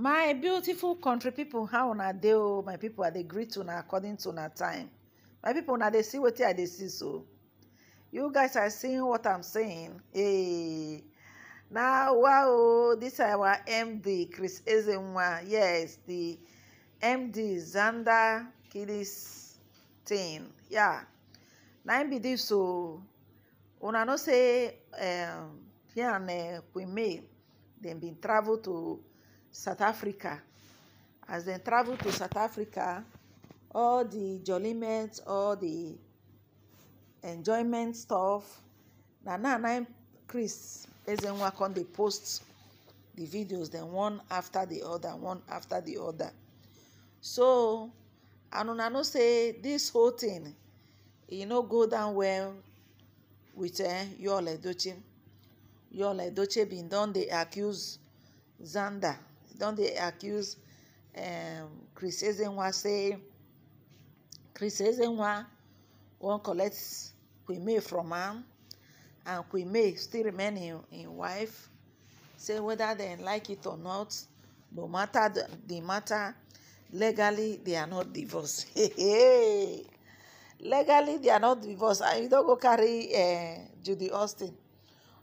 my beautiful country people, how una dey oh my people i dey greet una according to una time my people una dey see wetin i dey see so you guys are seeing what i'm saying hey na wow this our md chris ezenwa yes the md zander kilis thing yeah na im be dis so una know say um here and eh, queen may dem bin travel to south africa as dem travel to south africa all di jollyment, all di enjoyment stuff na now nine chris ezenwa come dey post the videos dem one after the other one after the other so and una know say dis whole tin e no go down well wit eh, yorlaedoche yorlaedoche bin don dey accuse zanda. don dey accuse um chris ezenwa say chris ezenwa wan collect queen from am and queen still remain im im wife say whether dem like it or not no matter the, matter legally they are not divorced legally they are not divorced and you don go carry uh, judy austin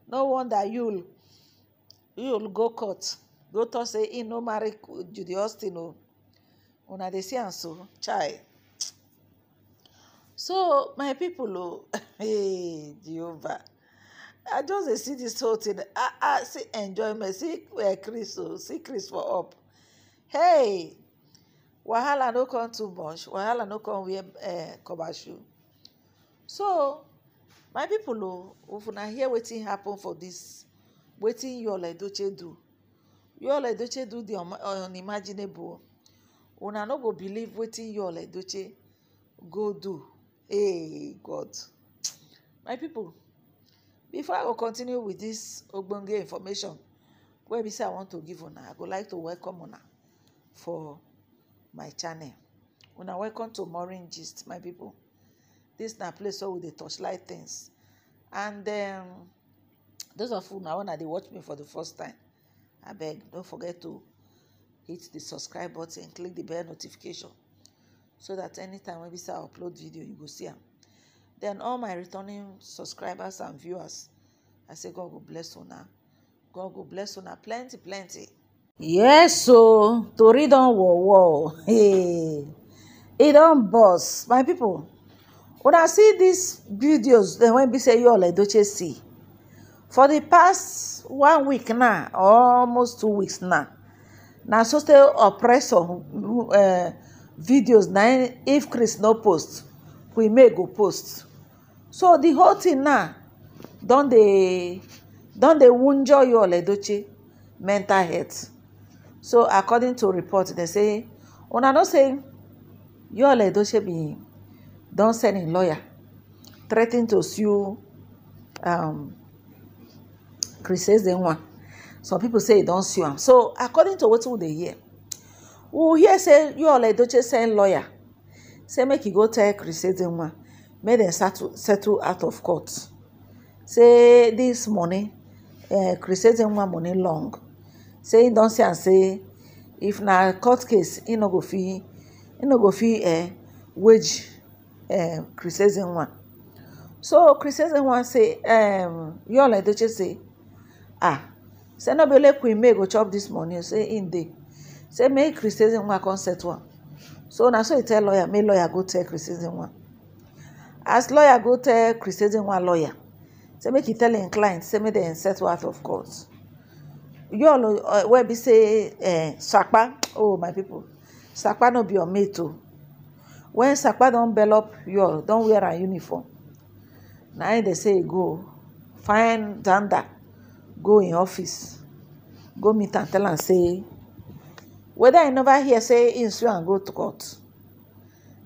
no wonder you you go court go talk say him no marry judy austin o una dey see am so chai so my people o hey jehovah i just see this whole thing I ah see enjoyment see where eh, chris o see chris for up hey wahala no come too much wahala no come wear eh, cover shoe so my people o if una hear wetin happen for dis wetin yul edoche do You Yul Edochie do the uh, unimaginable. Una no go believe wetin Yul Edochie go do. Hey God. My people, before I go continue with this ogbonge information wey be say I want to give una, I go like to welcome una for my channel. Una welcome to Maureen Gist, my people. This na place where we dey torchlight things. And um, those of una una dey watch me for the first time, abeg no forget to hit the subscribe button click the bell notification so that anytime wey be say i upload video you go see am then all my returning subscribers and viewers i say god go bless una god go bless una plenty plenty. yes o tori don wowo hey. e don burst my pipo una see these videos dem wey be say yul edochie see for the past one week now almost two weeks now na so say oppressor eh, videos na if chris no post we may go post so the whole thing now don dey don dey wunjure yul edoche mental health so according to report dem say una know say yul edoche bin don send im lawyer threa ten to sue um Christ the one. Some people say e don't sue him. So according to what will they hear, we hear say you all Yul Edochie send lawyer say make e go tell Chris Ezeanwa make them settle settle out of court. Say dis money, uh, eh, Chris Ezeanwa money long. Say e don see am say if na court case, e no go fit e no go fit uh, eh, wage uh, eh, Chris Ezeanwa. So Chris Ezeanwa say um, you all Yul Edochie say ah say no be only queen may go chop this money say in dey say make chris ezenwa come settle am so na so he tell lawyer make lawyer go tell chris one. as lawyer go tell chris one lawyer say make he tell im client say make dem settle out of court yall uh, wey be say eh, sapa oh my people, sapa no be your mate o oh. When sapa don bellop yall don wear her uniform na im dey say e go find danda go in office go meet am tell am say whether e never hear say im sue am go to court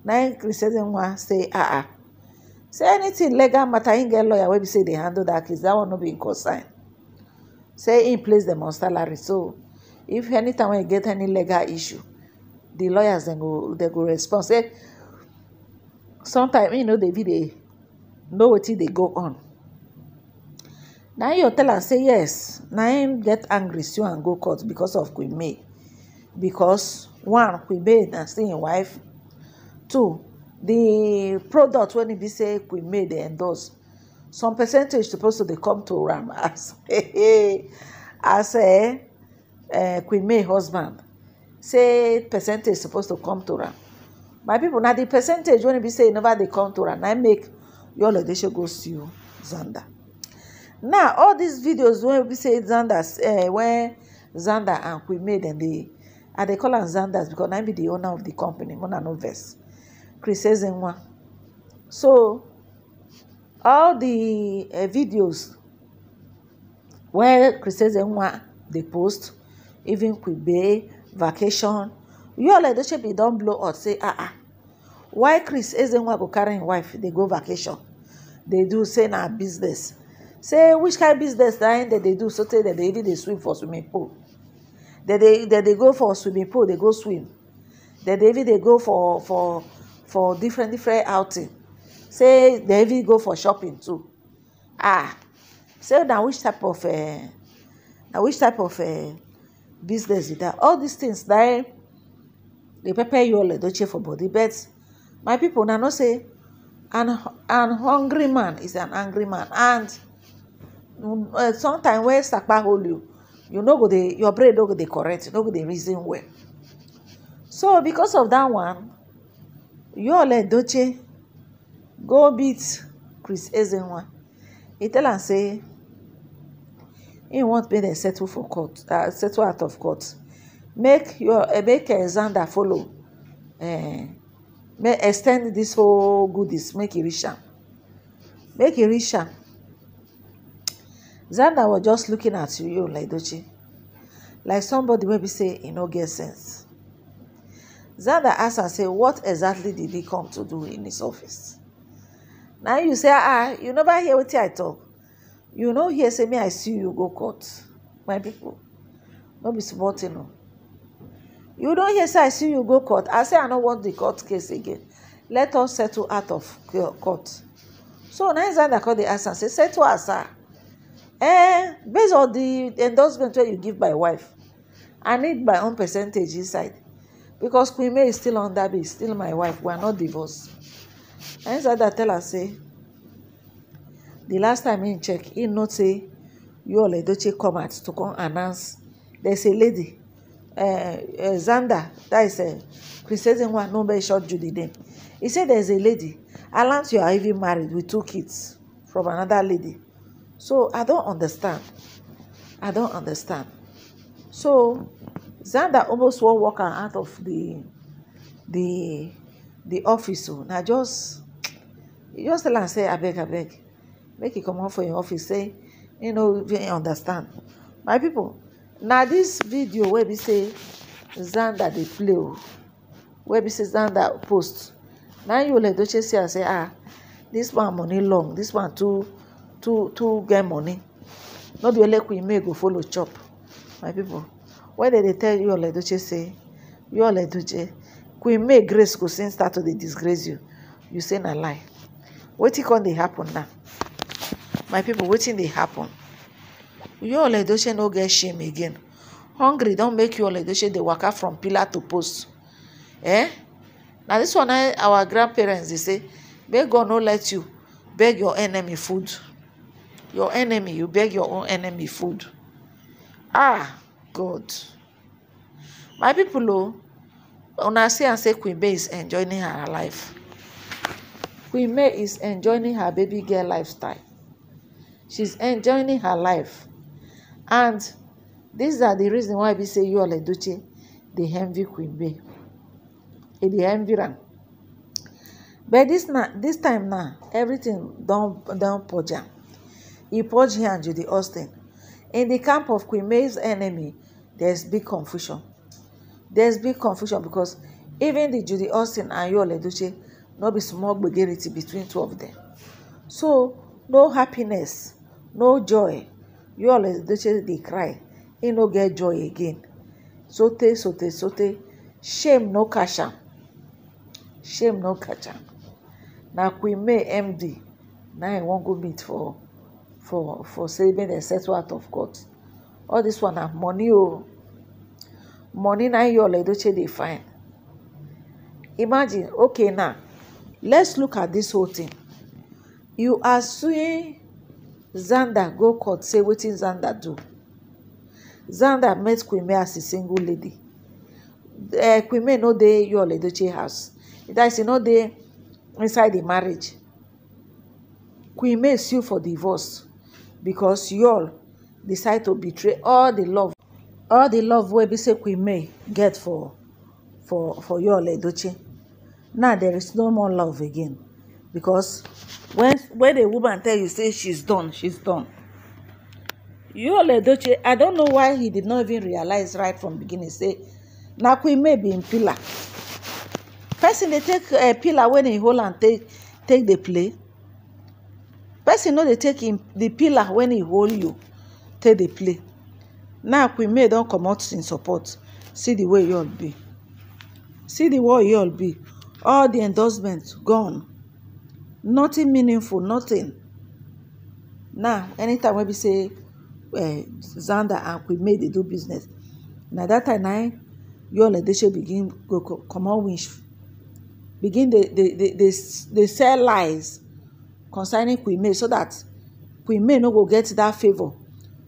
na im christian nwa say ah ah say anything legal matter im get lawyer wey be say dey handle that case That one no be im concern say im place dem on salary so if anytime wey e get any legal issue the lawyers dem go dem go respond say sometimes im no dey fit dey know wetin dey go on na him tell am say yes na him get angry sue and go court because of queen may because one queen may na still him wife two the product wey e be say queen may dey endorse some percentage suppose to dey come to am as as eh, eh, queen may husband say percentage suppose to come to am my people na the percentage wey e be say e never dey come to am na im make yolo go sue zanda now all these videos wey we say zander uh, eh, when zander and quimay dem dey i dey call am zanders because na be the owner of the company mona no vex chris ezenwa so all the uh, videos wey chris ezenwa dey post even quimay vacation yall edochebe don blow out say ah ah why chris ezenwa go carry im wife dey go vacation dey do say na business say which kind business na im dem dey do sotey dem dey even dey swim for swimming pool dem dey dem dey go for swimming pool dey go swim dem dey even dey go for for for different different outing say dem even go for shopping too ah say na which type of uh, na which type of uh, business be that all these things na dey pepper you all edoche for body but my people na know say an an hungry man is an angry man and Eh, sometimes when sapa hold you you no go dey your brain no go dey correct you no go dey reason well so because of that one yul eh, doche go beat chris ezenwa He tell am say he want make dem settle for court uh, settle out of court make your eh, make zander follow make extend this whole goodies make e reach am make e reach am Zanda was just looking at you like Dochi, like somebody maybe say e no get sense. Zanda asked and said, what exactly did he come to do in his office? Now you say ah, ah you never hear what I talk. You know here say me I see you go court. My people no be small no. You don hear say I see you go court. I say I don't want the court case again. Let us settle out of court. So now Zanda called the ask and say settle as ah eh based on the endorsement wey you give my wife i need my own percentage inside because queen may is still under me still my wife we are not divorced and inside that tell her say the last time he check he note say yul edochie come out to come announce there's a lady uh, eh, uh, eh, Zander, that is a eh, Christian one, no very short Judy name. He said there's a lady. Alant, you are even married with two kids from another lady. So I don't understand. I don't understand. So Zander almost won't walk out of the the the office. So oh. now just you just tell and say I beg, I beg, make you come out for your office say you no fit understand. My people Now this video where we say Zander dey play where oh, we say Zander post Now you let Ole Edochie see am say ah this one money long this one too to to get money no be only queen may go follow chop my people Why dem dey tell you oledoche say you oledoche queen may grace go soon start to dey disgrace you you say na lie wetin come dey happen now my people wetin dey happen you oledoche no get shame again hungry don make you oledoche dey waka from pillar to post eh na this one our grandparents dey say make god no let you beg your enemy food your enemy you beg your own enemy food ah god my people o oh, una see am say queen may is enjoying her life queen may is enjoying her baby girl lifestyle she's enjoying her life and these are the reason why be say you Yul Edochie dey envy queen may e dey envy am but this na this time now everything don don purge am He purge here and the Austin. In the camp of Queen May's enemy, there's big confusion. There's big confusion because even the Judy Austin and Yul Edochie no be small gbegerity between two of them. So no happiness, no joy. Yul Edochie dey cry, He no get joy again. Sote sote sote, shame no catch Shame no catch am. Na Queen May MD na im wan go meet for for for saving make dem settle out of court all this one na money o money na your oledoche dey find imagine okay now let's look at this whole thing you are suing zander go court say wetin zander do zander met queen as a single lady eh, queen no dey your oledoche house that is e no dey inside the marriage queen sue for divorce because you all decide to betray all the love all the love wey be say queen may get for for for you all edoche now there is no more love again because when when a woman tell you say she's done she's done you all edoche i don't know why he did not even realize right from beginning say na queen may be im pillar person dey take eh, pillar wey im hold am take take dey play person no dey take him the pillar when he hold you take dey play now queen may don comot in support see the way oyo be see the way oyo be all the endorsements gone nothing meaningful nothing now anytime we say uh, eh, zander and queen may they do business Now that time na yool edeche begin go comot wish begin dey dey dey dey sell lies concerning queen may so that queen may no go get that favour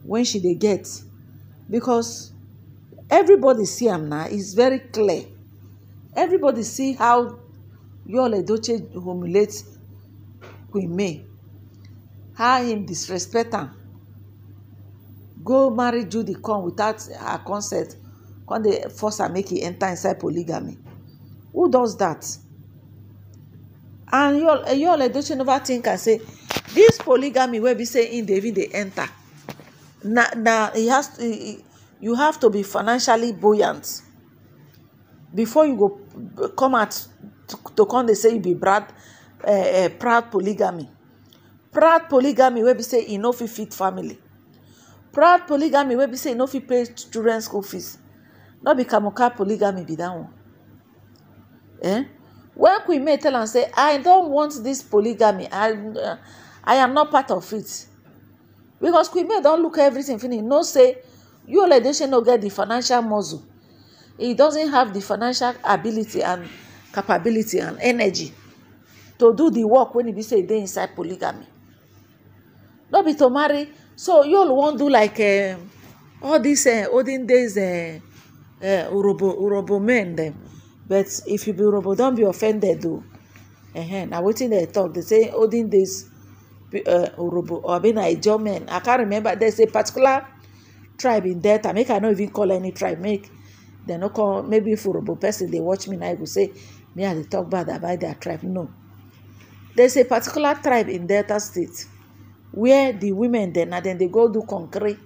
when she dey get because everybody see am na it's very clear everybody see how yul doche humiliate queen may how him disrespect am go marry judy come without her consent come dey force am make he enter inside polygamy who does that and yul edochie nova think am say dis polygamy wey be say im dey even dey enta na na you have to be financially buoyant before you go come out to come dey say you be eh, eh, proud polygamy proud polygamy wey be say e no fit fit family proud polygamy wey be say e no fit pay children school fees no be kamuka polygamy be dat one eh when queen may tell am say i don want this polygamy i uh, i am not part of it because queen may don look everything finish know say you oladese no get the financial muscle He doesn't have the financial ability and capability and energy to do the work wey e be say e dey inside polygamy no be to marry so you all wan do like um, all dis uh, olden days uh, urobo urobo men dem but if you be urhobo don be offended though. uh-huh. na wetin dem talk dey say olden days uh, urhobo or abi na ijaw men i can't remember there's a particular tribe in delta make i no even call any tribe make dem no call. maybe if urhobo person dey watch me na i go say me i dey talk bad about their tribe no there's a particular tribe in delta state where the women dem na dem dey go do concrete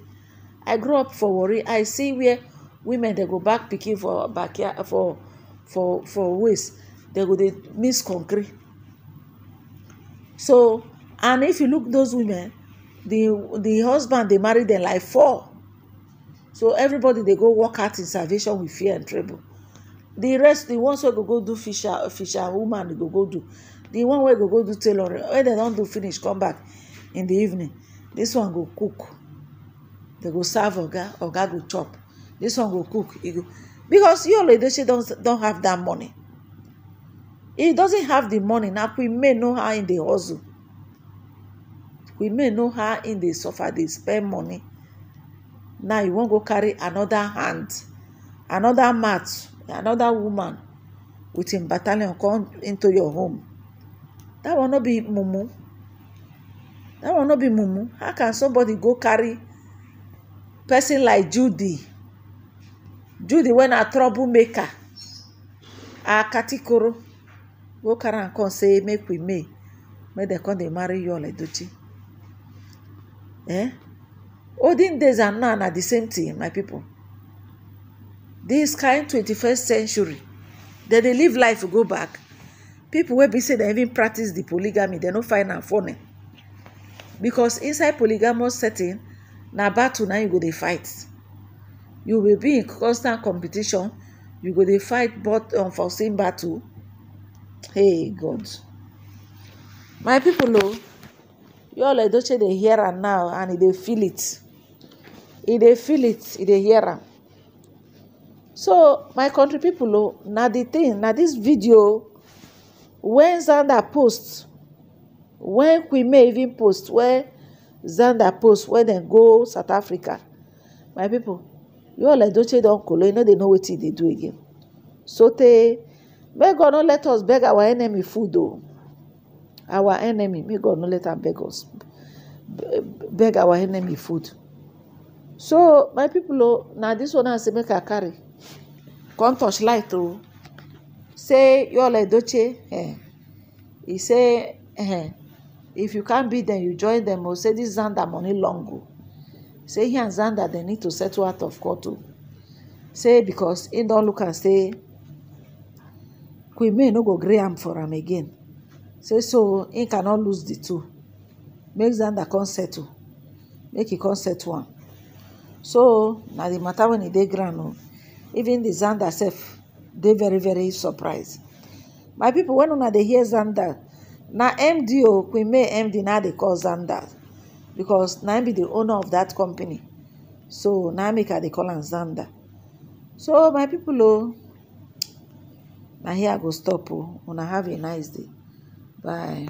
i grow up for warri i see where women dey go back pikin for backyard for for for waste they go dey mix concrete so and if you look those women the the husband dey marry them like four so everybody dey go work out in salvation with fear and tremble the rest the ones wey go go do fisher fisher woman go go do the one wey go go do tailoring when dem don do finish come back in the evening this one go cook dem go serve oga oga go chop this one go cook e go because your yul edoche don have that money He doesn't have the money now. We may know how in the hustle We may know how in the suffer dey spend money now you won't go carry another hand another mat another woman with im battalion come into your home That will not be mumu That will not be mumu how can somebody go carry person like judy jude wey na troublemaker akatikoro go carry am come say make we may make dem come dey marry yul edochie eh olden days and now na the same thing my people this kind twenty-first century dem dey live life go back people wey be say dem even practice the polygamy dem no find am funny because inside polygamous setting na battle na you go dey fight you will be in constant competition you go dey fight but unforeseen um, battle hey god my people o oh, yul edochie dey hear am now and e dey feel it e dey feel it e dey hear am so my country people o oh, na the thing na this video when zander post when quimay even post when zander post when dem go south africa my people You all edoche don kolo e no dey know wetin e dey do again So sotey make god no let us beg our enemy food o our enemy make god no let am beg us beg our enemy food so my people o oh, na this one i say make i carry come touch light o oh. say yoola edoche eh He say eh if you can't beat them, you join them. o oh. say dis zander money long o say he and zander dem need to settle out of court o say because he don look am say queen may no go gree am for am again say so he cannot lose the two make Zanda come settle make he come settle am so na the matter when e dey ground o oh, even the zander sef dey very very surprised my people, when una dey hear zander na md o queen may md na dey call zander because na be the owner of that company so na make i dey call am zander so my people, oh, na here i go stop Oh, una have a nice day bye